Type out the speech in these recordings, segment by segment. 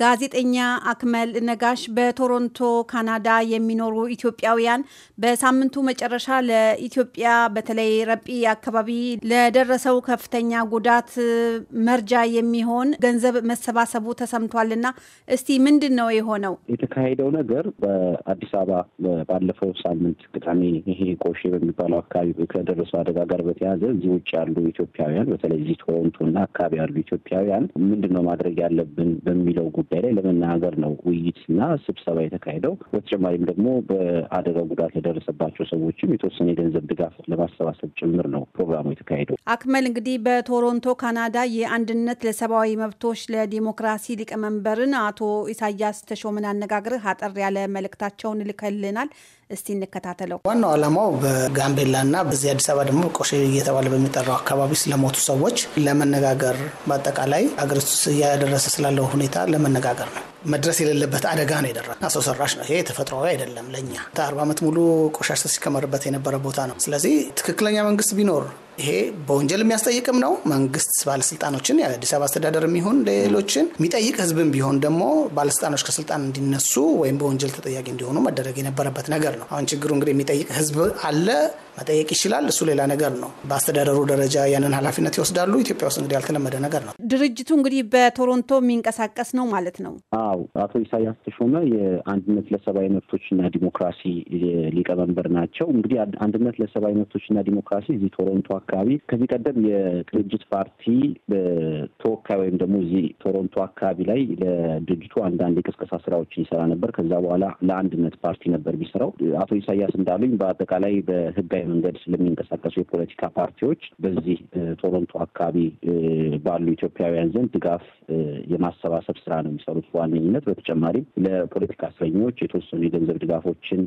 ጋዜጠኛ አክመል ነጋሽ በቶሮንቶ ካናዳ የሚኖሩ ኢትዮጵያውያን በሳምንቱ መጨረሻ ለኢትዮጵያ በተለይ ረጲ አካባቢ ለደረሰው ከፍተኛ ጉዳት መርጃ የሚሆን ገንዘብ መሰባሰቡ ተሰምቷልና እስቲ ምንድን ነው የሆነው የተካሄደው ነገር? በአዲስ አበባ ባለፈው ሳምንት ቅዳሜ ይሄ ቆሼ በሚባለው አካባቢ ከደረሰው አደጋ ጋር በተያያዘ እዚህ ውጭ ያሉ ኢትዮጵያውያን በተለይ እዚህ ቶሮንቶ እና አካባቢ ያሉ ኢትዮጵያውያን ምንድን ነው ማድረግ ያለብን በሚለው ጉዳይ ላይ ለመናገር ነው ውይይትና ስብሰባ የተካሄደው። በተጨማሪም ደግሞ በአደጋው ጉዳት ለደረሰባቸው ሰዎችም የተወሰነ የገንዘብ ድጋፍ ለማሰባሰብ ጭምር ነው ፕሮግራሙ የተካሄደው። አክመል እንግዲህ በቶሮንቶ ካናዳ የአንድነት ለሰብአዊ መብቶች ለዲሞክራሲ ሊቀመንበርን አቶ ኢሳያስ ተሾምን አነጋግርህ አጠር ያለ መልእክታቸውን ልከልናል። እስቲ እንከታተለው። ዋናው ዓላማው በጋምቤላና በዚህ አዲስ አበባ ደግሞ ቆሼ እየተባለ በሚጠራው አካባቢ ስለሞቱ ሰዎች ለመነጋገር በአጠቃላይ አገሪቱ እያደረሰ ስላለው ሁኔታ ለመነጋገር ነው። መድረስ የሌለበት አደጋ ነው የደረ እና ሰው ሰራሽ ነው። ይሄ ተፈጥሯዊ አይደለም። ለእኛ አርባ ዓመት ሙሉ ቆሻሻ ሲከመርበት የነበረ ቦታ ነው። ስለዚህ ትክክለኛ መንግስት ቢኖር ይሄ በወንጀል የሚያስጠይቅም ነው። መንግስት ባለስልጣኖችን የአዲስ አበባ አስተዳደር የሚሆን ሌሎችን የሚጠይቅ ህዝብም ቢሆን ደግሞ ባለስልጣኖች ከስልጣን እንዲነሱ ወይም በወንጀል ተጠያቂ እንዲሆኑ መደረግ የነበረበት ነገር ነው። አሁን ችግሩ እንግዲህ የሚጠይቅ ህዝብ አለ፣ መጠየቅ ይችላል። እሱ ሌላ ነገር ነው። በአስተዳደሩ ደረጃ ያንን ኃላፊነት ይወስዳሉ። ኢትዮጵያ ውስጥ እንግዲህ ያልተለመደ ነገር ነው። ድርጅቱ እንግዲህ በቶሮንቶ የሚንቀሳቀስ ነው ማለት ነው። አዎ፣ አቶ ኢሳያስ ተሾመ የአንድነት ለሰብአዊ መብቶችና ዲሞክራሲ ሊቀመንበር ናቸው። እንግዲህ አንድነት ለሰብአዊ መብቶችና ዲሞክራሲ እዚህ ቶሮንቶ አካባቢ ከዚህ ቀደም የድርጅት ፓርቲ በተወካይ ወይም ደግሞ እዚህ ቶሮንቶ አካባቢ ላይ ለድርጅቱ አንዳንድ የቅስቀሳ ስራዎችን ይሰራ ነበር። ከዛ በኋላ ለአንድነት ፓርቲ ነበር የሚሰራው። አቶ ኢሳያስ እንዳሉኝ በአጠቃላይ በህጋዊ መንገድ ስለሚንቀሳቀሱ የፖለቲካ ፓርቲዎች በዚህ ቶሮንቶ አካባቢ ባሉ ኢትዮጵያውያን ዘንድ ድጋፍ የማሰባሰብ ስራ ነው የሚሰሩት በዋነኝነት። በተጨማሪም ለፖለቲካ እስረኞች የተወሰኑ የገንዘብ ድጋፎችን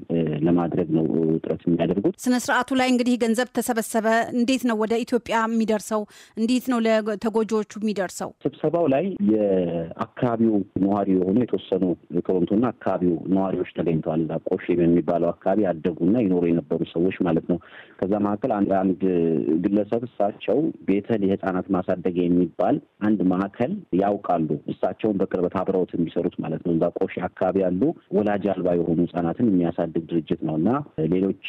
ለማድረግ ነው ጥረት የሚያደርጉት። ስነ ስርዓቱ ላይ እንግዲህ ገንዘብ ተሰበሰበ እንዴት ነው ወደ ኢትዮጵያ የሚደርሰው? እንዴት ነው ለተጎጂዎቹ የሚደርሰው? ስብሰባው ላይ የአካባቢው ነዋሪ የሆኑ የተወሰኑ የቶሮንቶና አካባቢው ነዋሪዎች ተገኝተዋል። ቆሼም የሚባለው አካባቢ ያደጉና ይኖሩ የነበሩ ሰዎች ማለት ነው። ከዛ መካከል አንድ ግለሰብ እሳቸው ቤተል የህፃናት ማሳደጊያ የሚባል አንድ ማዕከል ያውቃሉ። እሳቸውን በቅርበት አብረውት የሚሰሩት ማለት ነው። እዛ ቆሼ አካባቢ ያሉ ወላጅ አልባ የሆኑ ህጻናትን የሚያሳድግ ድርጅት ነው እና ሌሎች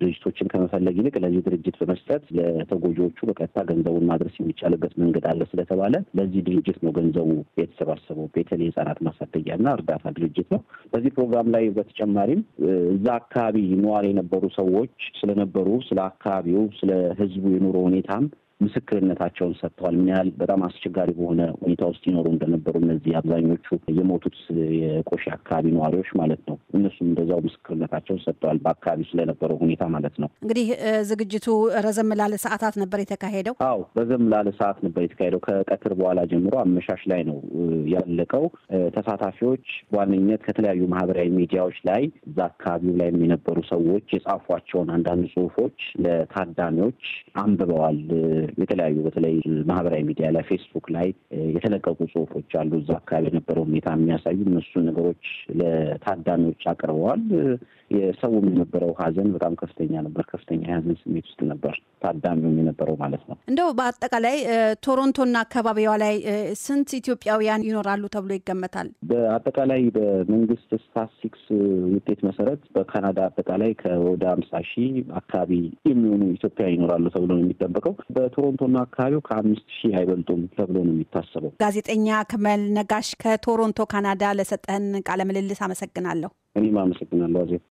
ድርጅቶችን ከመፈለግ ይልቅ ለዚህ ድርጅት በመስጠት ለተጎጂዎቹ በቀጥታ ገንዘቡን ማድረስ የሚቻልበት መንገድ አለ ስለተባለ ለዚህ ድርጅት ነው ገንዘቡ የተሰባሰበው። ቤተል የህጻናት ማሳደጊያና እርዳታ ድርጅት ነው። በዚህ ፕሮግራም ላይ በተጨማሪም እዛ አካባቢ ነዋሪ የነበሩ ሰዎች ስለነበሩ ስለ አካባቢው፣ ስለ ህዝቡ የኑሮ ሁኔታም ምስክርነታቸውን ሰጥተዋል። ምን ያህል በጣም አስቸጋሪ በሆነ ሁኔታ ውስጥ ይኖሩ እንደነበሩ እነዚህ አብዛኞቹ የሞቱት የቆሼ አካባቢ ነዋሪዎች ማለት ነው። እነሱ በዛው ምስክርነታቸውን ሰጥተዋል። በአካባቢ ስለነበረው ሁኔታ ማለት ነው። እንግዲህ ዝግጅቱ ረዘም ላለ ሰዓታት ነበር የተካሄደው። አዎ ረዘም ላለ ሰዓት ነበር የተካሄደው። ከቀትር በኋላ ጀምሮ አመሻሽ ላይ ነው ያለቀው። ተሳታፊዎች በዋነኝነት ከተለያዩ ማህበራዊ ሚዲያዎች ላይ እዛ አካባቢው ላይ የነበሩ ሰዎች የጻፏቸውን አንዳንድ ጽሁፎች ለታዳሚዎች አንብበዋል። የተለያዩ በተለይ ማህበራዊ ሚዲያ ላይ ፌስቡክ ላይ የተለቀቁ ጽሁፎች አሉ። እዛ አካባቢ የነበረው ሁኔታ የሚያሳዩ እነሱ ነገሮች ለታዳሚዎች አቅርበዋል። ተደርጓል። የሰውም የነበረው ሀዘን በጣም ከፍተኛ ነበር። ከፍተኛ የሀዘን ስሜት ውስጥ ነበር። ታዳሚ የነበረው ማለት ነው። እንደው በአጠቃላይ ቶሮንቶና አካባቢዋ ላይ ስንት ኢትዮጵያውያን ይኖራሉ ተብሎ ይገመታል? በአጠቃላይ በመንግስት ስታትስቲክስ ውጤት መሰረት በካናዳ አጠቃላይ ከወደ አምሳ ሺህ አካባቢ የሚሆኑ ኢትዮጵያ ይኖራሉ ተብሎ ነው የሚጠበቀው። በቶሮንቶና አካባቢው ከአምስት ሺህ አይበልጡም ተብሎ ነው የሚታሰበው። ጋዜጠኛ ክመል ነጋሽ ከቶሮንቶ ካናዳ ለሰጠህን ቃለ ምልልስ አመሰግናለሁ። እኔም አመሰግናለሁ አዜብ።